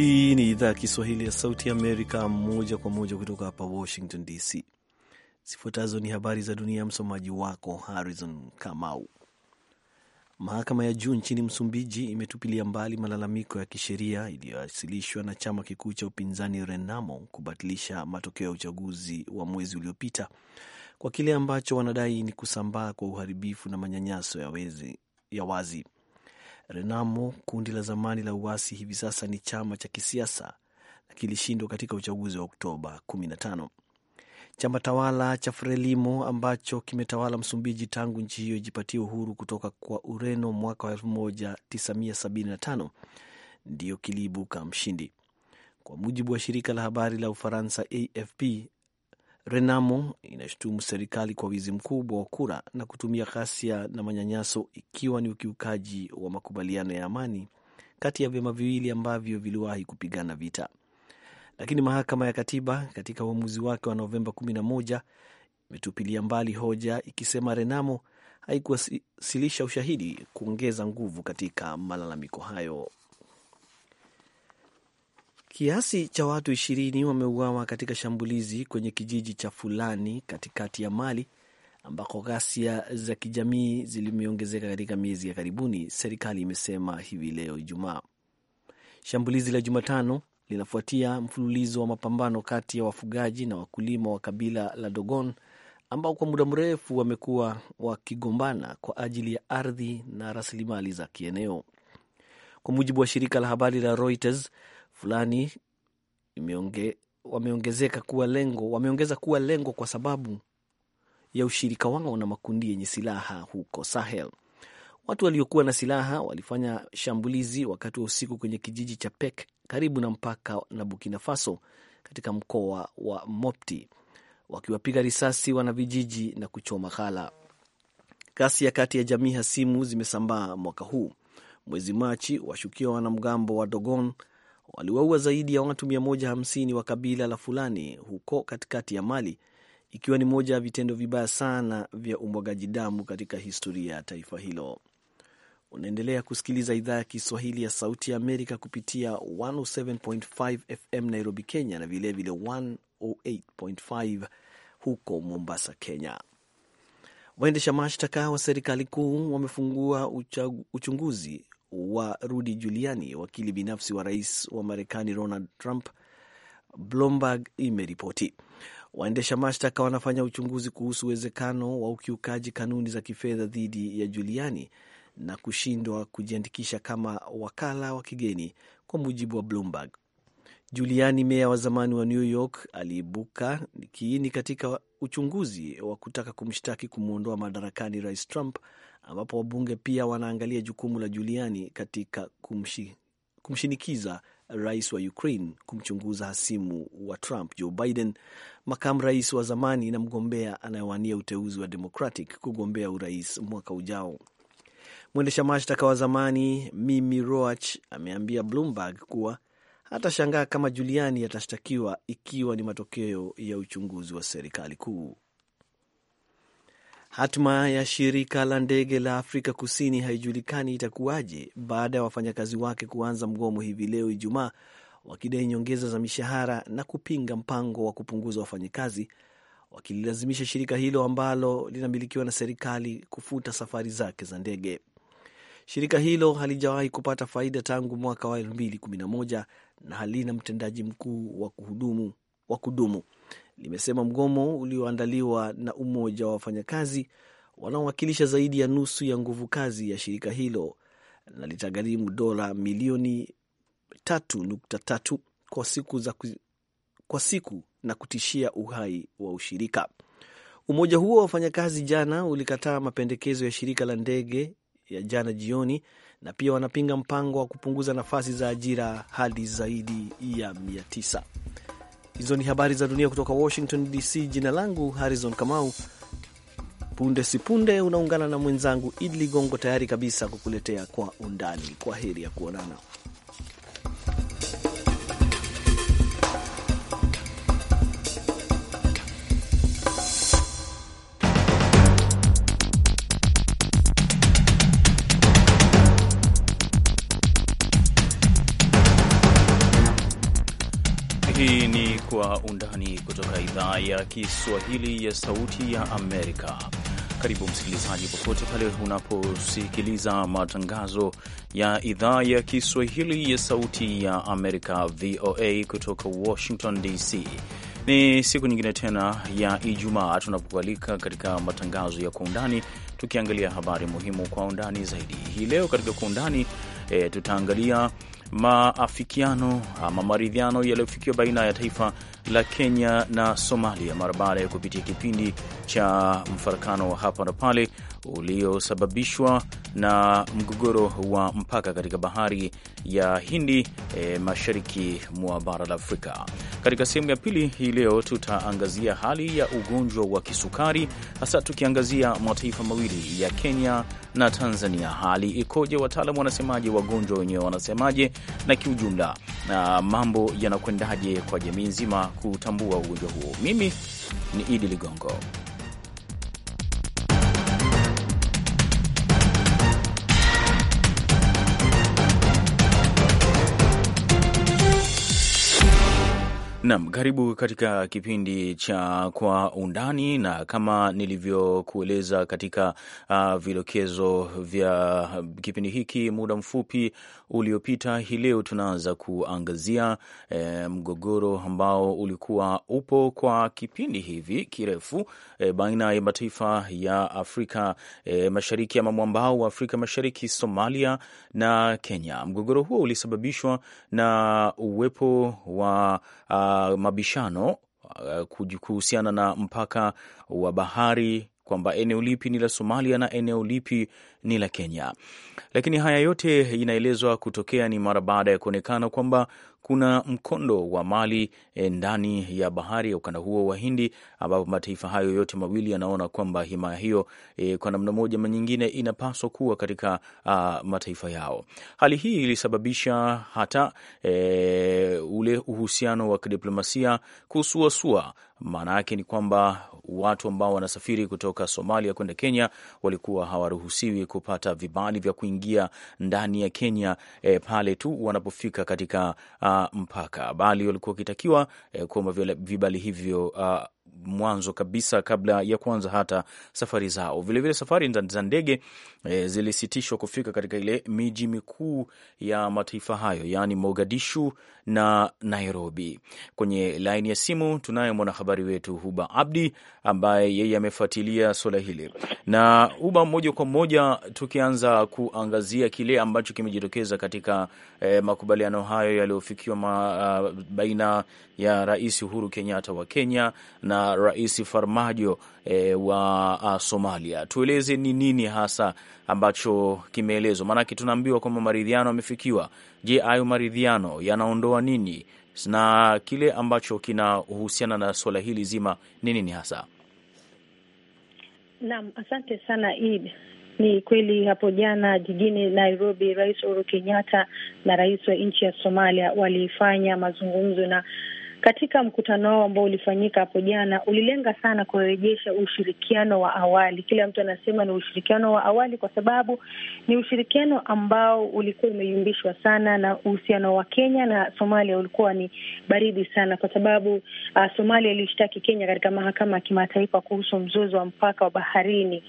Hii ni idhaa ya Kiswahili ya Sauti ya Amerika, moja kwa moja kutoka hapa Washington DC. Zifuatazo ni habari za dunia, msomaji wako Harrison Kamau. Mahakama ya juu nchini Msumbiji imetupilia mbali malalamiko ya kisheria iliyowasilishwa na chama kikuu cha upinzani Renamo kubatilisha matokeo ya uchaguzi wa mwezi uliopita kwa kile ambacho wanadai ni kusambaa kwa uharibifu na manyanyaso ya, wezi, ya wazi. Renamo, kundi la zamani la uasi, hivi sasa ni chama cha kisiasa na kilishindwa katika uchaguzi wa Oktoba 15. Chama tawala cha Frelimo ambacho kimetawala Msumbiji tangu nchi hiyo ijipatie uhuru kutoka kwa Ureno mwaka wa 1975 ndiyo kiliibuka mshindi, kwa mujibu wa shirika la habari la Ufaransa AFP. Renamo inashutumu serikali kwa wizi mkubwa wa kura na kutumia ghasia na manyanyaso ikiwa ni ukiukaji wa makubaliano ya amani kati ya vyama viwili ambavyo viliwahi kupigana vita. Lakini mahakama ya katiba katika uamuzi wake wa Novemba 11 imetupilia mbali hoja ikisema Renamo haikuwasilisha ushahidi kuongeza nguvu katika malalamiko hayo. Kiasi cha watu ishirini wameuawa katika shambulizi kwenye kijiji cha Fulani katikati ya Mali ambako ghasia za kijamii zilimeongezeka katika miezi ya karibuni, serikali imesema hivi leo Ijumaa. Shambulizi la Jumatano linafuatia mfululizo wa mapambano kati ya wafugaji na wakulima wa kabila la Dogon ambao kwa muda mrefu wamekuwa wakigombana kwa ajili ya ardhi na rasilimali za kieneo. Kwa mujibu wa shirika la habari la Reuters, fulani imeonge, wameongezeka kuwa lengo, wameongeza kuwa lengo kwa sababu ya ushirika wao na makundi yenye silaha huko Sahel. Watu waliokuwa na silaha walifanya shambulizi wakati wa usiku kwenye kijiji cha Pek karibu na mpaka na Burkina Faso katika mkoa wa Mopti, wakiwapiga risasi wanavijiji na kuchoma ghala. ya kati ya jamii hasimu zimesambaa mwaka huu. Mwezi Machi, washukiwa wanamgambo wa Dogon waliwaua zaidi ya watu 150 wa kabila la Fulani huko katikati ya Mali, ikiwa ni moja ya vitendo vibaya sana vya umwagaji damu katika historia ya taifa hilo. Unaendelea kusikiliza idhaa ya Kiswahili ya Sauti ya Amerika kupitia 107.5 FM Nairobi, Kenya, na vilevile 108.5 huko Mombasa, Kenya. Waendesha mashtaka wa serikali kuu wamefungua uchunguzi wa Rudy Giuliani, wakili binafsi wa rais wa Marekani Donald Trump, Bloomberg imeripoti. Waendesha mashtaka wanafanya uchunguzi kuhusu uwezekano wa ukiukaji kanuni za kifedha dhidi ya Giuliani na kushindwa kujiandikisha kama wakala wa kigeni, kwa mujibu wa Bloomberg. Giuliani, meya wa zamani wa New York, aliibuka kiini katika uchunguzi wa kutaka kumshtaki kumwondoa madarakani rais Trump ambapo wabunge pia wanaangalia jukumu la Juliani katika kumshi, kumshinikiza rais wa Ukraine kumchunguza hasimu wa Trump Joe Biden, makamu rais wa zamani na mgombea anayewania uteuzi wa Democratic kugombea urais mwaka ujao. Mwendesha mashtaka wa zamani Mimi Roach ameambia Bloomberg kuwa hatashangaa kama Juliani atashtakiwa ikiwa ni matokeo ya uchunguzi wa serikali kuu. Hatima ya shirika la ndege la Afrika Kusini haijulikani itakuwaje baada ya wafanyakazi wake kuanza mgomo hivi leo Ijumaa, wakidai nyongeza za mishahara na kupinga mpango wa kupunguza wafanyakazi, wakililazimisha shirika hilo ambalo linamilikiwa na serikali kufuta safari zake za ndege. Shirika hilo halijawahi kupata faida tangu mwaka wa 2011 na halina mtendaji mkuu wa kudumu limesema mgomo ulioandaliwa na umoja wa wafanyakazi wanaowakilisha zaidi ya nusu ya nguvu kazi ya shirika hilo na litagharimu dola milioni 3.3 kwa siku za kwa siku na kutishia uhai wa ushirika. Umoja huo wa wafanyakazi jana ulikataa mapendekezo ya shirika la ndege ya jana jioni, na pia wanapinga mpango wa kupunguza nafasi za ajira hadi zaidi ya 900. Hizo ni habari za dunia kutoka Washington DC. Jina langu Harrison Kamau. Punde sipunde unaungana na mwenzangu Idli Gongo, tayari kabisa kukuletea kwa undani. Kwa heri ya kuonana. kutoka idhaa ya Kiswahili ya Sauti ya Amerika. Karibu msikilizaji, popote pale unaposikiliza matangazo ya idhaa ya Kiswahili ya Sauti ya Amerika, VOA kutoka Washington DC. Ni siku nyingine tena ya Ijumaa tunapokualika katika matangazo ya Kwa Undani, tukiangalia habari muhimu kwa undani zaidi. Hii leo katika Kwa Undani e, tutaangalia maafikiano ama maridhiano yaliyofikiwa baina ya taifa la Kenya na Somalia mara baada ya kupitia kipindi cha mfarakano wa hapa na pale uliosababishwa na mgogoro wa mpaka katika bahari ya Hindi, e, mashariki mwa bara la Afrika. Katika sehemu ya pili hii leo tutaangazia hali ya ugonjwa wa kisukari, hasa tukiangazia mataifa mawili ya Kenya na Tanzania. Hali ikoje? Wataalamu wanasemaje? Wagonjwa wenyewe wanasemaje? Na kiujumla, na mambo yanakwendaje kwa jamii nzima kutambua ugonjwa huo. Mimi ni Idi Ligongo. Nam, karibu katika kipindi cha Kwa Undani, na kama nilivyokueleza katika uh, vidokezo vya kipindi hiki muda mfupi uliopita, hii leo tunaanza kuangazia eh, mgogoro ambao ulikuwa upo kwa kipindi hivi kirefu eh, baina ya mataifa ya Afrika eh, Mashariki ama mwambao wa Afrika Mashariki, Somalia na Kenya. Mgogoro huo ulisababishwa na uwepo wa uh, mabishano uh, kuhusiana na mpaka wa bahari kwamba eneo lipi ni la Somalia na eneo lipi ni la Kenya. Lakini haya yote inaelezwa kutokea ni mara baada ya kuonekana kwamba kuna mkondo wa mali eh, ndani ya bahari ya ukanda huo wa Hindi, ambapo mataifa hayo yote mawili yanaona kwamba himaya hiyo e, kwa namna moja ama nyingine inapaswa kuwa katika a, ah, mataifa yao. Hali hii ilisababisha hata e, ule uhusiano wa kidiplomasia kusuasua. Maana yake ni kwamba watu ambao wanasafiri kutoka Somalia kwenda Kenya walikuwa hawaruhusiwi kupata vibali vya kuingia ndani ya Kenya e, pale tu wanapofika katika a, ah, mpaka, bali walikuwa wakitakiwa e, eh, kuomba vibali hivyo a, ah, mwanzo kabisa kabla ya kuanza hata safari zao. Vilevile vile safari za ndege e, zilisitishwa kufika katika ile miji mikuu ya mataifa hayo, yaani Mogadishu na Nairobi. Kwenye laini ya simu tunaye mwanahabari wetu Huba Abdi ambaye yeye amefuatilia suala hili. Na Huba, moja kwa moja tukianza kuangazia kile ambacho kimejitokeza katika e, makubaliano hayo yaliyofikiwa baina ya Rais Uhuru Kenyatta wa Kenya na Rais Farmajo e, wa a, ah, Somalia. Tueleze ni nini hasa ambacho kimeelezwa, maanake tunaambiwa kwamba maridhiano yamefikiwa. Je, hayo maridhiano yanaondoa nini na kile ambacho kinahusiana na suala hili zima ni nini hasa? Naam, asante sana Id. Ni kweli hapo jana jijini Nairobi, Rais Uhuru Kenyatta na rais wa nchi ya Somalia walifanya mazungumzo na katika mkutano wao ambao ulifanyika hapo jana, ulilenga sana kurejesha ushirikiano wa awali. Kila mtu anasema ni ushirikiano wa awali, kwa sababu ni ushirikiano ambao ulikuwa umeyumbishwa sana, na uhusiano wa Kenya na Somalia ulikuwa ni baridi sana, kwa sababu uh, Somalia ilishtaki Kenya katika mahakama ya kimataifa kuhusu mzozo wa mpaka wa baharini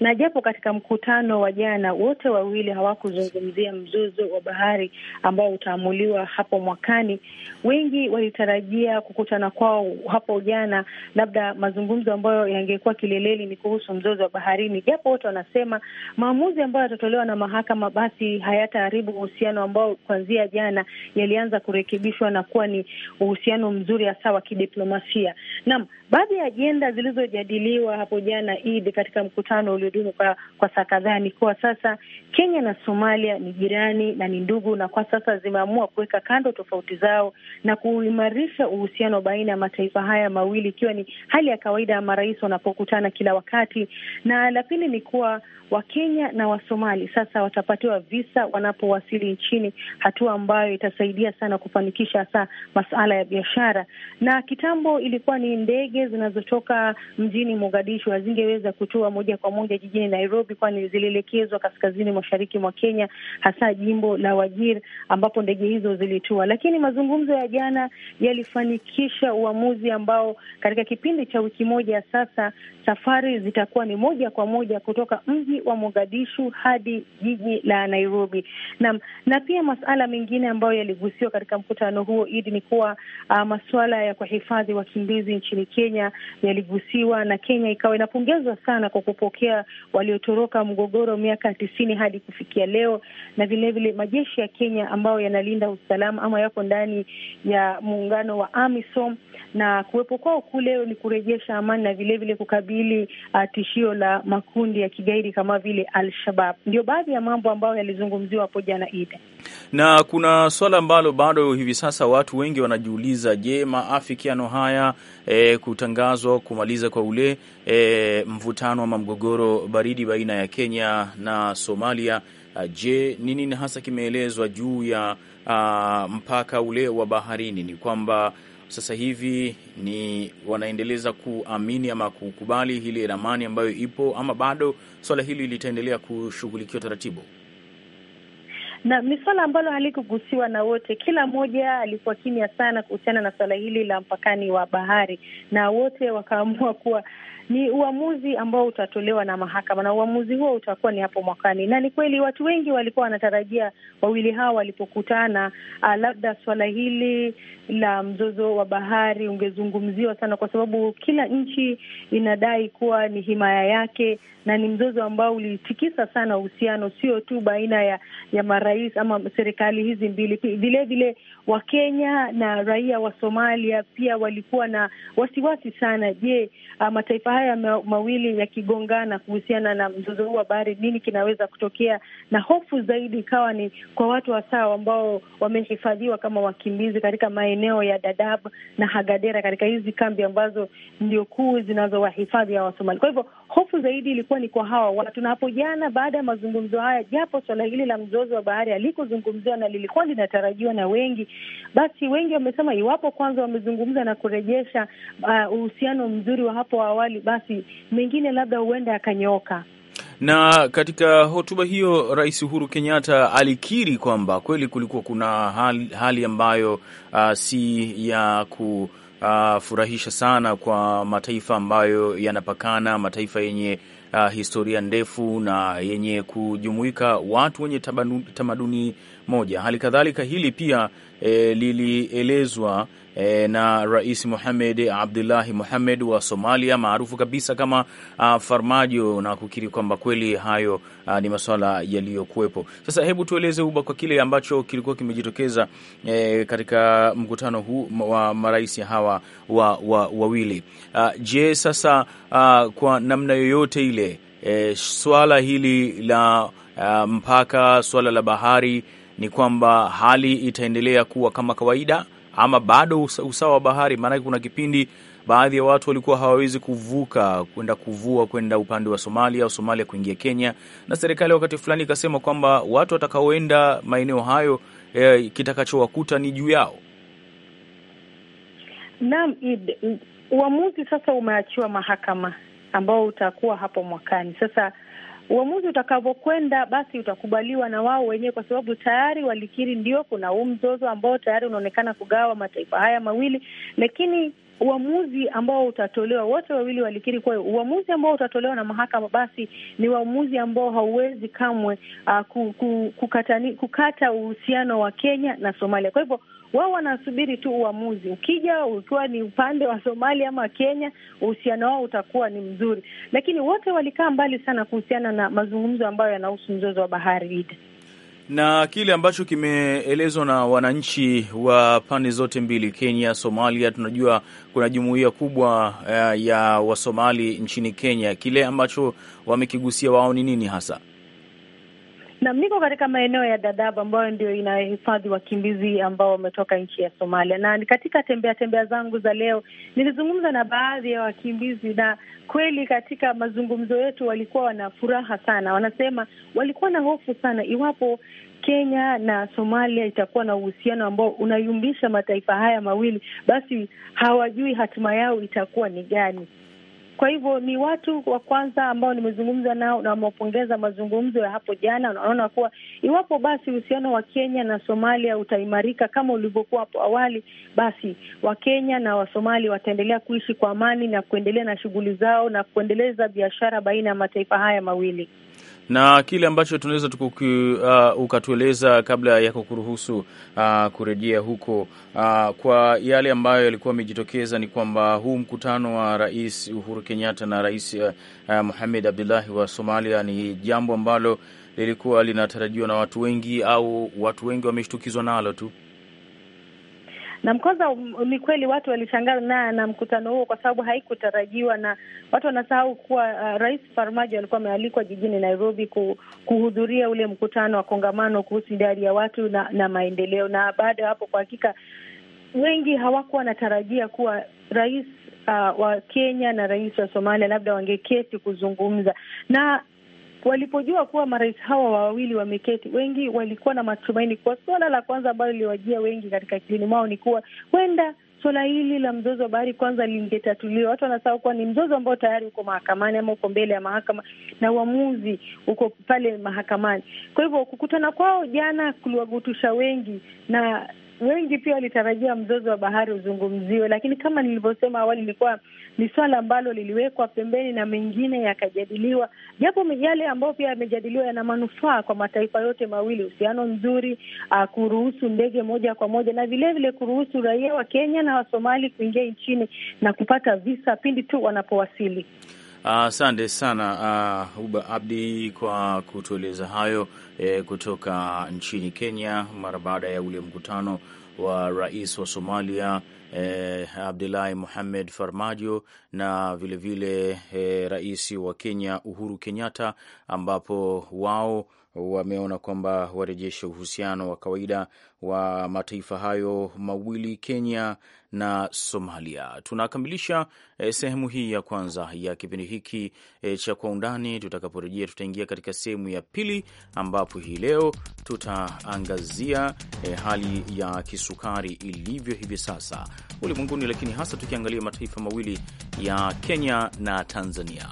na japo katika mkutano wa jana wote wawili hawakuzungumzia mzozo wa bahari ambao utaamuliwa hapo mwakani, wengi walitarajia kukutana kwao hapo jana, labda mazungumzo ambayo yangekuwa kileleni ni kuhusu mzozo wa baharini, japo wote wanasema maamuzi ambayo yatatolewa na mahakama basi hayataharibu uhusiano ambao kuanzia jana yalianza kurekebishwa na kuwa ni uhusiano mzuri hasa wa kidiplomasia. Naam, baadhi ya ajenda zilizojadiliwa hapo jana Idi katika mkutano uliodumu kwa, kwa saa kadhaa ni kuwa sasa Kenya na Somalia ni jirani na ni ndugu, na kwa sasa zimeamua kuweka kando tofauti zao na kuimarisha uhusiano baina ya mataifa haya mawili, ikiwa ni hali ya kawaida ya marais wanapokutana kila wakati. Na la pili ni kuwa Wakenya na Wasomali sasa watapatiwa visa wanapowasili nchini, hatua ambayo itasaidia sana kufanikisha hasa masuala ya biashara. Na kitambo ilikuwa ni ndege zinazotoka mjini Mogadishu hazingeweza kutua moja kwa moja pale jijini Nairobi, kwani zilielekezwa kaskazini mashariki mwa Kenya, hasa jimbo la Wajir ambapo ndege hizo zilitua. Lakini mazungumzo ya jana yalifanikisha uamuzi ambao katika kipindi cha wiki moja sasa safari zitakuwa ni moja kwa moja kutoka mji wa Mogadishu hadi jiji la Nairobi. Naam, na pia masuala mengine ambayo yaligusiwa katika mkutano huo Idi ni kuwa uh, ah, masuala ya kuhifadhi wakimbizi nchini Kenya yaligusiwa, na Kenya ikawa inapongezwa sana kwa kupokea waliotoroka mgogoro miaka tisini hadi kufikia leo, na vilevile majeshi ya Kenya ambayo yanalinda usalama ama yako ndani ya muungano wa AMISOM, na kuwepo kwao kule ni kurejesha amani na vilevile kukabili uh, tishio la makundi ya kigaidi kama vile Al-Shabab. Ndio baadhi ya mambo ambayo yalizungumziwa hapo jana Ida, na kuna swala ambalo bado hivi sasa watu wengi wanajiuliza, je, maafikiano haya e, kutangazwa kumaliza kwa ule e, mvutano ama mgogoro baridi baina ya Kenya na Somalia. Je, nini hasa kimeelezwa juu ya a, mpaka ule wa baharini? Ni kwamba sasa hivi ni wanaendeleza kuamini ama kukubali ile ramani ambayo ipo ama bado swala hili litaendelea kushughulikiwa taratibu? na ni swala ambalo halikugusiwa na wote. Kila mmoja alikuwa kimya sana kuhusiana na swala hili la mpakani wa bahari, na wote wakaamua kuwa ni uamuzi ambao utatolewa na mahakama, na uamuzi huo utakuwa ni hapo mwakani. Na ni kweli watu wengi walikuwa wanatarajia wawili hawa walipokutana, uh, labda swala hili la mzozo wa bahari ungezungumziwa sana, kwa sababu kila nchi inadai kuwa ni himaya yake, na ni mzozo ambao ulitikisa sana uhusiano, sio tu baina ya, ya marais ama serikali hizi mbili, vilevile Wakenya na raia wa Somalia pia walikuwa na wasiwasi sana. Je, uh, mataifa haya mawili yakigongana kuhusiana na mzozo huu wa bahari, nini kinaweza kutokea, na hofu zaidi ikawa ni kwa watu wasawa ambao wamehifadhiwa kama wakimbizi katika maeneo ya Dadaab na Hagadera, katika hizi kambi ambazo ndio kuu zinazowahifadhi hawa wasomali Kwa hivyo Hofu zaidi ilikuwa ni kwa hawa watu, na hapo jana baada ya mazungumzo haya, japo suala hili la mzozo wa bahari alikuzungumziwa na lilikuwa linatarajiwa na wengi, basi wengi wamesema iwapo kwanza wamezungumza na kurejesha uh, uhusiano mzuri wa hapo awali, basi mengine labda huenda yakanyooka na katika hotuba hiyo Rais Uhuru Kenyatta alikiri kwamba kweli kulikuwa kuna hali, hali ambayo uh, si ya ku uh, furahisha sana kwa mataifa ambayo yanapakana, mataifa yenye uh, historia ndefu na yenye kujumuika watu wenye tamaduni moja. Hali kadhalika hili pia eh, lilielezwa e, na Rais Mohamed Abdullahi Mohamed wa Somalia maarufu kabisa kama uh, Farmajo na kukiri kwamba kweli hayo uh, ni masuala yaliyokuwepo. Sasa hebu tueleze uba kwa kile ambacho kilikuwa kimejitokeza e, katika mkutano huu wa marais hawa wawili wa, uh, je, sasa uh, kwa namna yoyote ile e, swala hili la uh, mpaka swala la bahari ni kwamba hali itaendelea kuwa kama kawaida ama bado usawa wa bahari? Maanake kuna kipindi baadhi ya watu walikuwa hawawezi kuvuka kwenda kuvua kwenda upande wa Somalia au Somalia kuingia Kenya, na serikali wakati fulani ikasema kwamba watu watakaoenda maeneo hayo eh, kitakachowakuta ni juu yao. Naam, uamuzi sasa umeachiwa mahakama ambao utakuwa hapo mwakani sasa uamuzi utakavyokwenda basi utakubaliwa na wao wenyewe, kwa sababu tayari walikiri, ndio kuna huu mzozo ambao tayari unaonekana kugawa mataifa haya mawili, lakini uamuzi ambao utatolewa, wote wawili walikiri kuwa uamuzi ambao utatolewa na mahakama basi ni uamuzi ambao hauwezi kamwe uh, kukatani, kukata uhusiano wa Kenya na Somalia. Kwa hivyo wao wanasubiri tu uamuzi. Ukija ukiwa ni upande wa Somalia ama Kenya, uhusiano wao utakuwa ni mzuri, lakini wote walikaa mbali sana kuhusiana na mazungumzo ambayo yanahusu mzozo wa bahari Ida na kile ambacho kimeelezwa na wananchi wa pande zote mbili, Kenya, Somalia. Tunajua kuna jumuiya kubwa eh, ya Wasomali nchini Kenya. Kile ambacho wamekigusia wao ni nini hasa? Nam, niko katika maeneo ya Dadaab ambayo ndio inahifadhi wakimbizi ambao wametoka nchi ya Somalia, na katika tembea tembea zangu za leo nilizungumza na baadhi ya wakimbizi, na kweli katika mazungumzo yetu walikuwa wana furaha sana. Wanasema walikuwa na hofu sana iwapo Kenya na Somalia itakuwa na uhusiano ambao unayumbisha mataifa haya mawili, basi hawajui hatima yao itakuwa ni gani. Kwa hivyo ni watu wa kwanza ambao nimezungumza nao na wamewapongeza mazungumzo ya hapo jana. Unaona kuwa iwapo basi uhusiano wa Kenya na Somalia utaimarika kama ulivyokuwa hapo awali, basi Wakenya na Wasomali wataendelea kuishi kwa amani na kuendelea na shughuli zao na kuendeleza biashara baina ya mataifa haya mawili na kile ambacho tunaweza uh, ukatueleza kabla ya kukuruhusu uh, kurejea huko uh, kwa yale ambayo yalikuwa amejitokeza ni kwamba huu mkutano wa Rais Uhuru Kenyatta na Rais uh, uh Muhamed Abdullahi wa Somalia ni jambo ambalo lilikuwa linatarajiwa na watu wengi au watu wengi wameshtukizwa nalo tu na mkwanza, ni kweli watu walishangaa na na mkutano huo kwa sababu haikutarajiwa, na watu wanasahau kuwa uh, Rais Farmajo alikuwa amealikwa jijini Nairobi kuhudhuria ule mkutano wa kongamano kuhusu idadi ya watu na, na maendeleo. Na baada ya hapo, kwa hakika wengi hawakuwa wanatarajia kuwa rais uh, wa Kenya na rais wa Somalia labda wangeketi kuzungumza na Walipojua kuwa marais hawa wawili wameketi, wengi walikuwa na matumaini kwa suala la kwanza ambalo liliwajia wengi katika akilini mwao ni kuwa huenda suala hili la mzozo wa bahari kwanza lingetatuliwa. Watu wanasahau kuwa ni mzozo ambao tayari uko mahakamani ama uko mbele ya mahakama na uamuzi uko pale mahakamani. Kwa hivyo kukutana kwao jana kuliwagutusha wengi, na wengi pia walitarajia mzozo wa bahari uzungumziwe, lakini kama nilivyosema awali, ilikuwa ni swala ambalo liliwekwa pembeni na mengine yakajadiliwa, japo yale ambayo pia yamejadiliwa yana manufaa kwa mataifa yote mawili, uhusiano mzuri, ah, kuruhusu ndege moja kwa moja na vilevile kuruhusu raia wa Kenya na Wasomali kuingia nchini na kupata visa pindi tu wanapowasili. Asante uh, sana uh, Uba Abdi kwa kutueleza hayo eh, kutoka nchini Kenya mara baada ya ule mkutano wa rais wa Somalia eh, Abdullahi muhamed Farmajo na vilevile vile, eh, rais wa Kenya Uhuru Kenyatta ambapo wao wameona kwamba warejeshe uhusiano wa kawaida wa mataifa hayo mawili, Kenya na Somalia. Tunakamilisha e, sehemu hii ya kwanza ya kipindi hiki e, cha Kwa Undani. Tutakaporejea tutaingia katika sehemu ya pili, ambapo hii leo tutaangazia e, hali ya kisukari ilivyo hivi sasa ulimwenguni, lakini hasa tukiangalia mataifa mawili ya Kenya na Tanzania.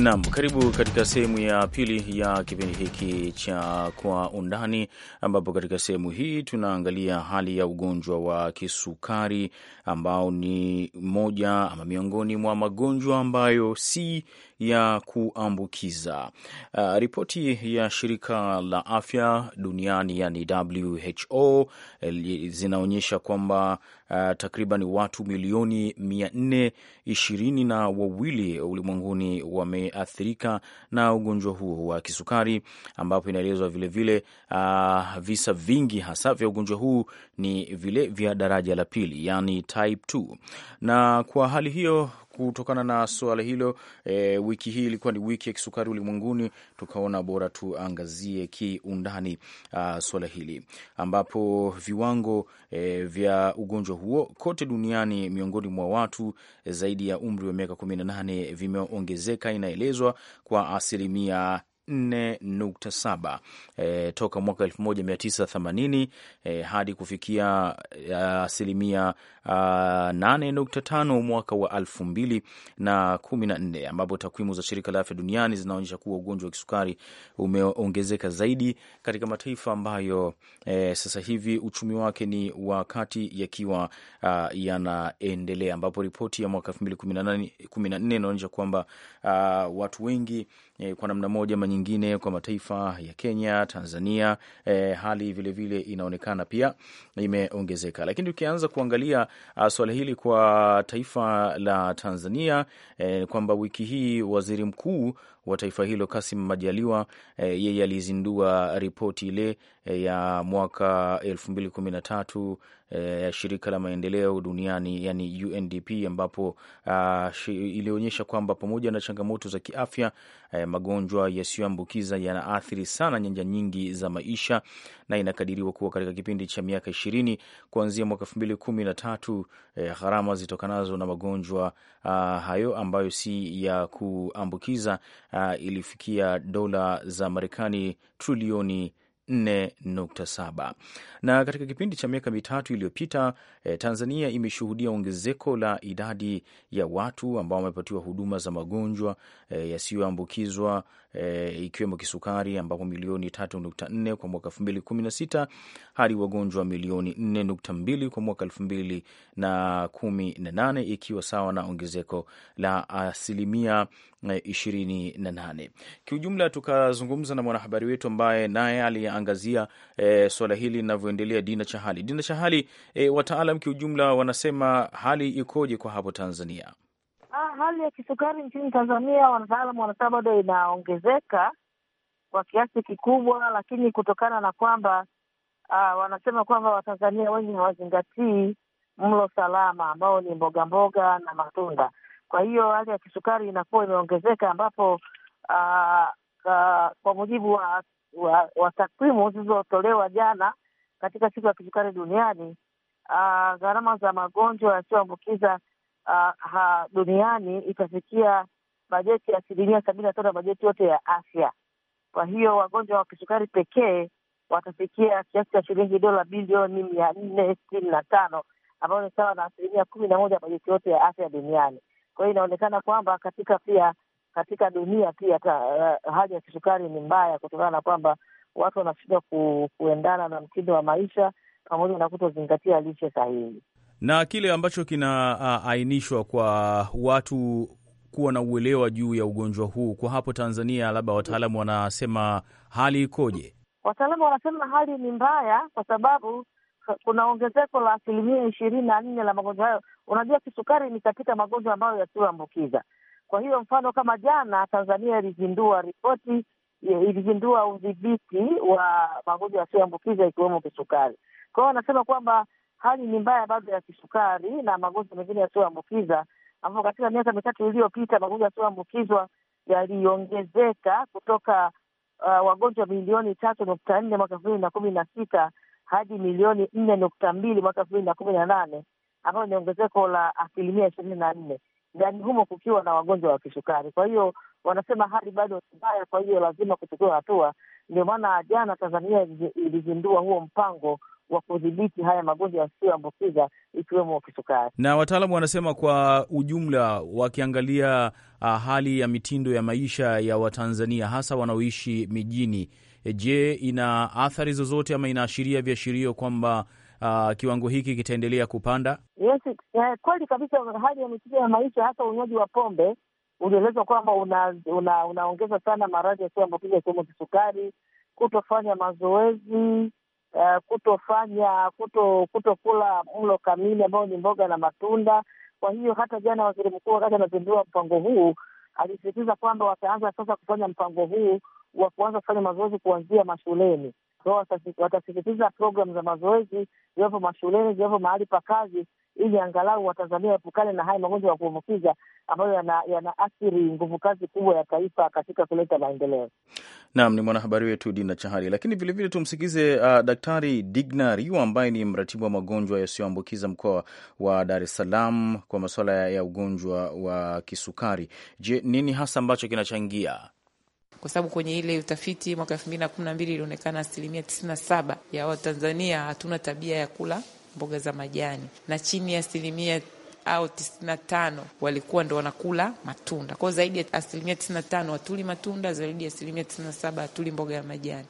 nam karibu katika sehemu ya pili ya kipindi hiki cha Kwa Undani, ambapo katika sehemu hii tunaangalia hali ya ugonjwa wa kisukari ambao ni moja ama miongoni mwa magonjwa ambayo si ya kuambukiza. Uh, ripoti ya shirika la afya duniani yani WHO zinaonyesha kwamba uh, takriban watu milioni mia nne ishirini na wawili ulimwenguni wameathirika na ugonjwa huo wa kisukari, ambapo inaelezwa vilevile uh, ah, visa vingi hasa vya ugonjwa huu ni vile vya daraja la pili, yani type 2, na kwa hali hiyo kutokana na suala hilo e, wiki hii ilikuwa ni wiki ya kisukari ulimwenguni, tukaona bora tuangazie kiundani suala hili ambapo viwango e, vya ugonjwa huo kote duniani miongoni mwa watu e, zaidi ya umri wa miaka 18 vimeongezeka, inaelezwa kwa asilimia 4.7 e, toka mwaka 1980 e, hadi kufikia e, asilimia 8.5 mwaka wa 2014 ambapo takwimu za shirika la afya duniani zinaonyesha kuwa ugonjwa wa kisukari umeongezeka zaidi katika mataifa ambayo e, sasa hivi uchumi wake ni wakati yakiwa yanaendelea, ambapo ripoti ya mwaka 2014 inaonyesha kwamba watu wengi E, kwa namna moja ama nyingine kwa mataifa ya Kenya, Tanzania, E, hali vilevile vile inaonekana pia imeongezeka. Lakini tukianza kuangalia uh, suala hili kwa taifa la Tanzania e, kwamba wiki hii waziri mkuu wa taifa hilo Kasim Majaliwa e, yeye alizindua ripoti ile Eh, ya mwaka elfu mbili kumi na tatu eh, ya shirika la maendeleo duniani yani UNDP, ambapo uh, ilionyesha kwamba pamoja na changamoto za kiafya eh, magonjwa yasiyoambukiza yanaathiri sana nyanja nyingi za maisha, na inakadiriwa kuwa katika kipindi cha miaka ishirini kuanzia mwaka elfu mbili kumi na tatu eh, zitokanazo na magonjwa uh, hayo ambayo si ya kuambukiza uh, ilifikia dola za Marekani trilioni 4.7. Na katika kipindi cha miaka mitatu iliyopita, eh, Tanzania imeshuhudia ongezeko la idadi ya watu ambao wamepatiwa huduma za magonjwa eh, yasiyoambukizwa e, ikiwemo kisukari ambapo milioni 3.4 kwa mwaka 2016 hadi wagonjwa milioni 4.2 kwa mwaka 2018 ikiwa sawa na ongezeko la asilimia 28. E, kiujumla, tukazungumza na mwanahabari wetu ambaye naye aliangazia e, swala hili linavyoendelea. Dina Chahali, Dina Chahali, e, wataalam kiujumla wanasema hali ikoje kwa hapo Tanzania? hali ya kisukari nchini Tanzania, wataalamu wanasema bado inaongezeka kwa kiasi kikubwa, lakini kutokana na kwamba uh, wanasema kwamba Watanzania wengi hawazingatii mlo salama ambao ni mboga mboga na matunda. Kwa hiyo hali ya kisukari inakuwa imeongezeka, ambapo uh, uh, kwa mujibu wa, wa, wa takwimu zilizotolewa jana katika siku ya kisukari duniani, uh, gharama za magonjwa yasiyoambukiza uh, duniani itafikia bajeti ya asilimia sabini na tano ya bajeti yote ya afya. Kwa hiyo wagonjwa wa kisukari pekee watafikia kiasi cha shilingi dola bilioni mia nne sitini na tano ambayo ni sawa na asilimia kumi na moja ya bajeti yote ya afya duniani. Kwa hiyo inaonekana kwamba katika pia katika dunia pia ta, uh, eh, haja ya kisukari ni mbaya kutokana na kwamba watu wanashindwa ku, kuendana na mtindo wa maisha pamoja na kutozingatia lishe sahihi na kile ambacho kinaainishwa kwa watu kuwa na uelewa juu ya ugonjwa huu kwa hapo Tanzania, labda wataalamu wanasema hali ikoje? Wataalamu wanasema hali ni mbaya, kwa sababu kuna ongezeko la asilimia ishirini na nne la magonjwa hayo. Unajua, kisukari ni katika magonjwa ambayo yasiyoambukiza. Kwa hiyo mfano kama jana Tanzania ilizindua ripoti, e, ilizindua udhibiti wa magonjwa yasiyoambukiza ikiwemo kisukari. Kwa hiyo wanasema kwamba hali ni mbaya bado ya kisukari na magonjwa mengine yasiyoambukiza, ambapo katika miaka mitatu iliyopita magonjwa yasiyoambukizwa yaliongezeka kutoka uh, wagonjwa milioni tatu nukta nne mwaka elfu mbili na kumi na sita hadi milioni nne nukta mbili mwaka elfu mbili na kumi na nane ambayo ni ongezeko la asilimia ishirini na nne ndani humo kukiwa na wagonjwa wa kisukari. Kwa hiyo wanasema hali bado ni mbaya, kwa hiyo lazima kuchukua hatua. Ndio maana jana Tanzania ilizindua huo mpango wa kudhibiti haya magonjwa yasiyoambukiza ikiwemo kisukari. Na wataalamu wanasema kwa ujumla, wakiangalia uh, hali ya mitindo ya maisha ya Watanzania hasa wanaoishi mijini, eh, je, ina athari zozote ama inaashiria viashirio kwamba Uh, kiwango hiki kitaendelea kupanda. Yes, uh, kweli kabisa. Hali ya mitindo ya maisha hasa unywaji wa pombe ulielezwa kwamba unaongeza una, una sana maradhi yasiyoambukiza ikiwemo kisukari, kutofanya mazoezi, Eh, kutofanya kuto kutokula mlo kamili ambao ni mboga na matunda. Kwa hiyo hata jana waziri mkuu wakati anazindua mpango huu alisisitiza kwamba wataanza sasa kufanya mpango huu wa kuanza kufanya mazoezi kuanzia mashuleni. So, watasisitiza programu za mazoezi ziwepo mashuleni, ziwepo mahali pa kazi, ili angalau Watanzania waepukane na haya magonjwa ya kuambukiza ambayo yanaathiri yana nguvu kazi kubwa ya taifa katika kuleta maendeleo. Naam, ni mwanahabari wetu Dina chahari Lakini vilevile tumsikize uh, Daktari Digna Riwa ambaye ni mratibu wa magonjwa yasiyoambukiza mkoa wa Dar es Salaam kwa masuala ya ugonjwa wa kisukari. Je, nini hasa ambacho kinachangia kwa sababu kwenye ile utafiti mwaka elfu mbili na kumi na mbili ilionekana asilimia tisini na saba ya Watanzania hatuna tabia ya kula mboga za majani na chini ya asilimia au 95 walikuwa ndo wanakula matunda kwao. Zaidi ya asilimia tisini watuli matunda, zaidi ya asilimia tisini saba hatuli mboga ya majani.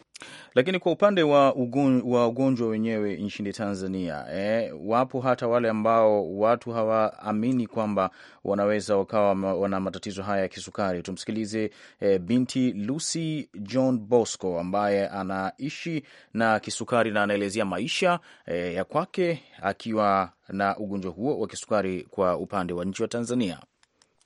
Lakini kwa upande wa ugonjwa wenyewe nchini Tanzania eh, wapo hata wale ambao watu hawaamini kwamba wanaweza wakawa wana matatizo haya ya kisukari. Tumsikilize eh, binti Lucy John Bosco ambaye anaishi na kisukari na anaelezea maisha eh, ya kwake akiwa na ugonjwa huo wa kisukari kwa upande wa nchi wa Tanzania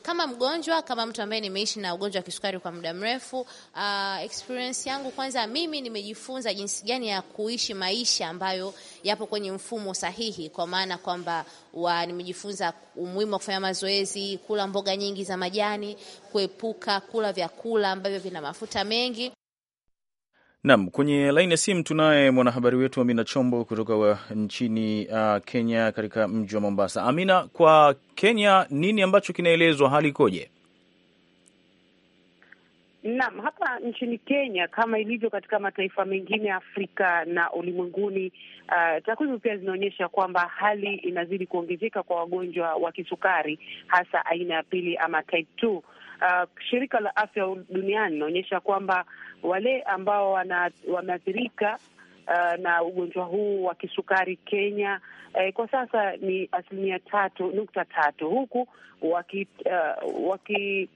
kama mgonjwa, kama mtu ambaye nimeishi na ugonjwa wa kisukari kwa muda mrefu, uh, experience yangu kwanza, mimi nimejifunza jinsi gani ya kuishi maisha ambayo yapo kwenye mfumo sahihi, kwa maana kwamba nimejifunza umuhimu wa kufanya mazoezi, kula mboga nyingi za majani, kuepuka kula vyakula ambavyo vina mafuta mengi. Nam, kwenye laini ya simu tunaye mwanahabari wetu Amina Chombo kutoka wa nchini uh, Kenya, katika mji wa Mombasa. Amina, kwa Kenya nini ambacho kinaelezwa, hali ikoje? Naam, hapa nchini Kenya kama ilivyo katika mataifa mengine Afrika na ulimwenguni, uh, takwimu pia zinaonyesha kwamba hali inazidi kuongezeka kwa wagonjwa wa kisukari, hasa aina ya pili ama type 2 uh, shirika la afya duniani inaonyesha kwamba wale ambao wameathirika uh, na ugonjwa huu wa kisukari Kenya eh, kwa sasa ni asilimia tatu nukta tatu huku waki, uh, waki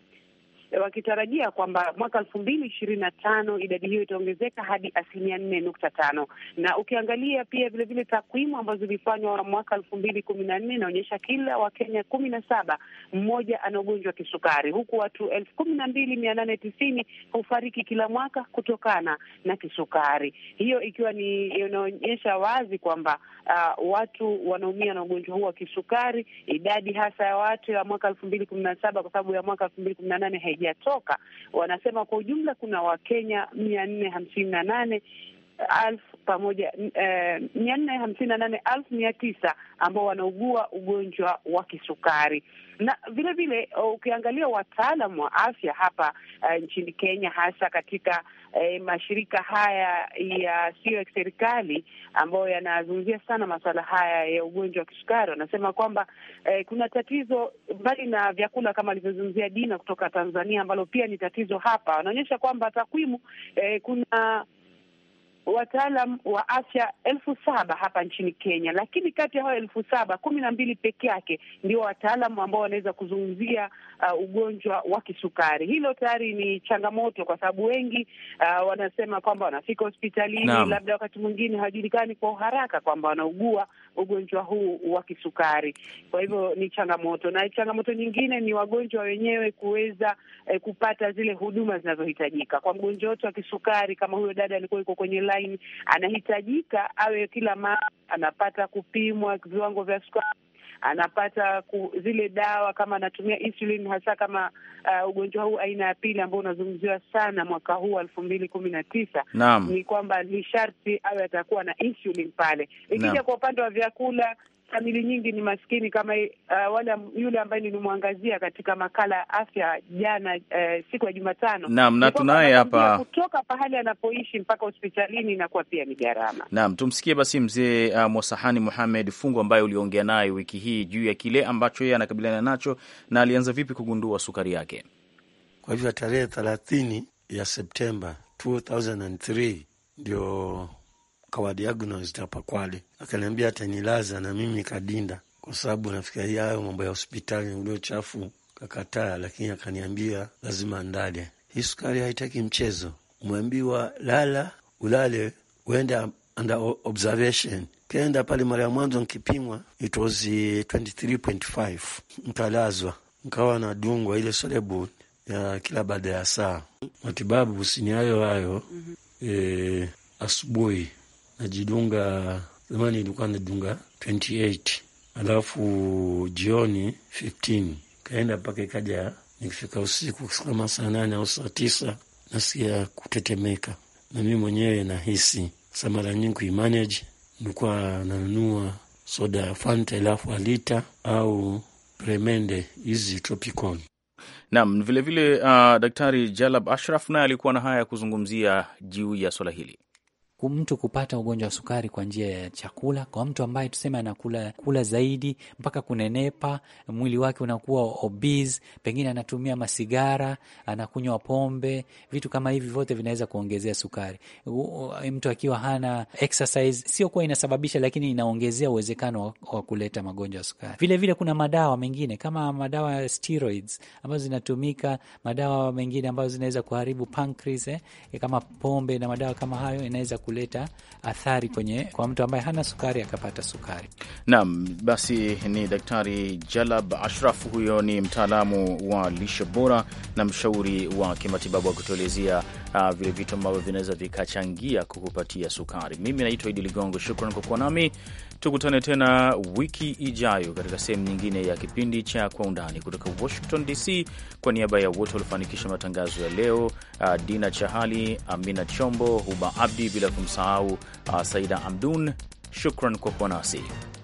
wakitarajia kwamba mwaka elfu mbili ishirini na tano idadi hiyo itaongezeka hadi asilimia nne nukta tano na ukiangalia pia vilevile takwimu ambazo zilifanywa mwaka elfu mbili kumi na nne inaonyesha kila Wakenya kumi na saba mmoja ana ugonjwa wa kisukari, huku watu elfu kumi na mbili mia nane tisini hufariki kila mwaka kutokana na kisukari, hiyo ikiwa ni inaonyesha wazi kwamba uh, watu wanaumia na ugonjwa huu wa kisukari. Idadi hasa ya watu ya mwaka elfu mbili kumi na saba kwa sababu ya mwaka elfu mbili kumi na nane haijatoka. Wanasema kwa ujumla kuna Wakenya mia nne hamsini na nane elfu pamoja eh, mia nne hamsini na nane elfu mia tisa ambao wanaugua ugonjwa wa kisukari na vilevile vile ukiangalia wataalam wa afya hapa uh, nchini Kenya hasa katika eh, mashirika haya yasiyo ya serikali ambayo yanazungumzia sana masuala haya ya ugonjwa wa kisukari wanasema kwamba eh, kuna tatizo mbali na vyakula kama alivyozungumzia Dina kutoka Tanzania ambalo pia ni tatizo hapa. Wanaonyesha kwamba takwimu eh, kuna wataalam wa afya elfu saba hapa nchini Kenya, lakini kati ya hao elfu saba kumi na mbili peke yake ndio wataalam ambao wanaweza kuzungumzia uh, ugonjwa wa kisukari. Hilo tayari ni changamoto, kwa sababu wengi uh, wanasema kwamba wanafika hospitalini labda wakati mwingine hawajulikani kwa uharaka kwamba wanaugua ugonjwa huu wa kisukari. Kwa hivyo ni changamoto, na changamoto nyingine ni wagonjwa wenyewe kuweza eh, kupata zile huduma zinazohitajika kwa mgonjwa wote wa kisukari. Kama huyo dada alikuwa iko kwenye time, anahitajika awe kila mara anapata kupimwa viwango vya sukari anapata ku, zile dawa kama anatumia insulin hasa kama uh, ugonjwa huu aina ya pili ambao unazungumziwa sana mwaka huu wa elfu mbili kumi na tisa ni kwamba ni sharti awe atakuwa na insulin pale. Ikija kwa upande wa vyakula famili nyingi ni maskini kama uh, wale yule ambaye nilimwangazia katika makala ya afya jana, uh, siku ya Jumatano. Naam, na tunaye hapa kutoka pahali anapoishi mpaka hospitalini inakuwa pia ni gharama. Naam, tumsikie basi mzee uh, Mwasahani Muhamed Fungu ambaye uliongea naye wiki hii juu ya kile ambacho yeye anakabiliana nacho na alianza vipi kugundua sukari yake. Kwa hivyo tarehe thelathini ya Septemba 2003 ndio kawadiagnosed hapa Kwale, akaniambia atanilaza na mimi kadinda, kwa sababu nafikiria hayo mambo ya hospitali ulio chafu, kakataa. Lakini akaniambia lazima ndale, hii sukari haitaki mchezo, umeambiwa lala ulale, uende under observation. Kenda pale mara ya mwanzo nkipimwa it was 23.5 eh, nkalazwa, nkawa nadungwa ile solebu ya kila baada ya saa. Matibabu sini hayo hayo, mm -hmm. E, asubuhi najidunga, zamani ilikuwa najidunga 28 alafu jioni 15 kaenda mpaka ikaja, nikifika usiku kama saa nane au saa tisa nasikia kutetemeka, na mi mwenyewe nahisi sa. Mara nyingi kuimanage, nilikuwa nanunua soda Fanta alafu alita au premende hizi tropicon nam vilevile. Uh, ah, Daktari Jalab Ashraf naye alikuwa na haya ya kuzungumzia juu ya swala hili mtu kupata ugonjwa wa sukari kwa njia ya chakula. Kwa mtu ambaye tuseme anakula kula zaidi mpaka kunenepa, mwili wake unakuwa obese, pengine anatumia masigara, anakunywa pombe, vitu kama hivi vyote vinaweza kuongezea sukari. Mtu akiwa hana exercise, sio kuwa inasababisha, lakini inaongezea uwezekano wa kuleta magonjwa ya sukari. Vile vile kuna madawa mengine kama madawa ya steroids ambazo zinatumika, madawa mengine ambazo zinaweza kuharibu pancreas, eh, kama pombe na madawa kama hayo inaweza kuleta athari kwenye kwa mtu ambaye hana sukari akapata sukari. Naam, basi ni Daktari Jalab Ashraf, huyo ni mtaalamu wa lishe bora na mshauri wa kimatibabu akutuelezea uh, vile vitu ambavyo vinaweza vikachangia kukupatia sukari. Mimi naitwa Idi Ligongo, shukran kwa kuwa nami Tukutane tena wiki ijayo katika sehemu nyingine ya kipindi cha Kwa Undani kutoka Washington DC. Kwa niaba ya wote waliofanikisha matangazo ya leo, uh, Dina Chahali, Amina Chombo, Huba Abdi, bila kumsahau uh, Saida Amdun, shukran kwa kuwa nasi.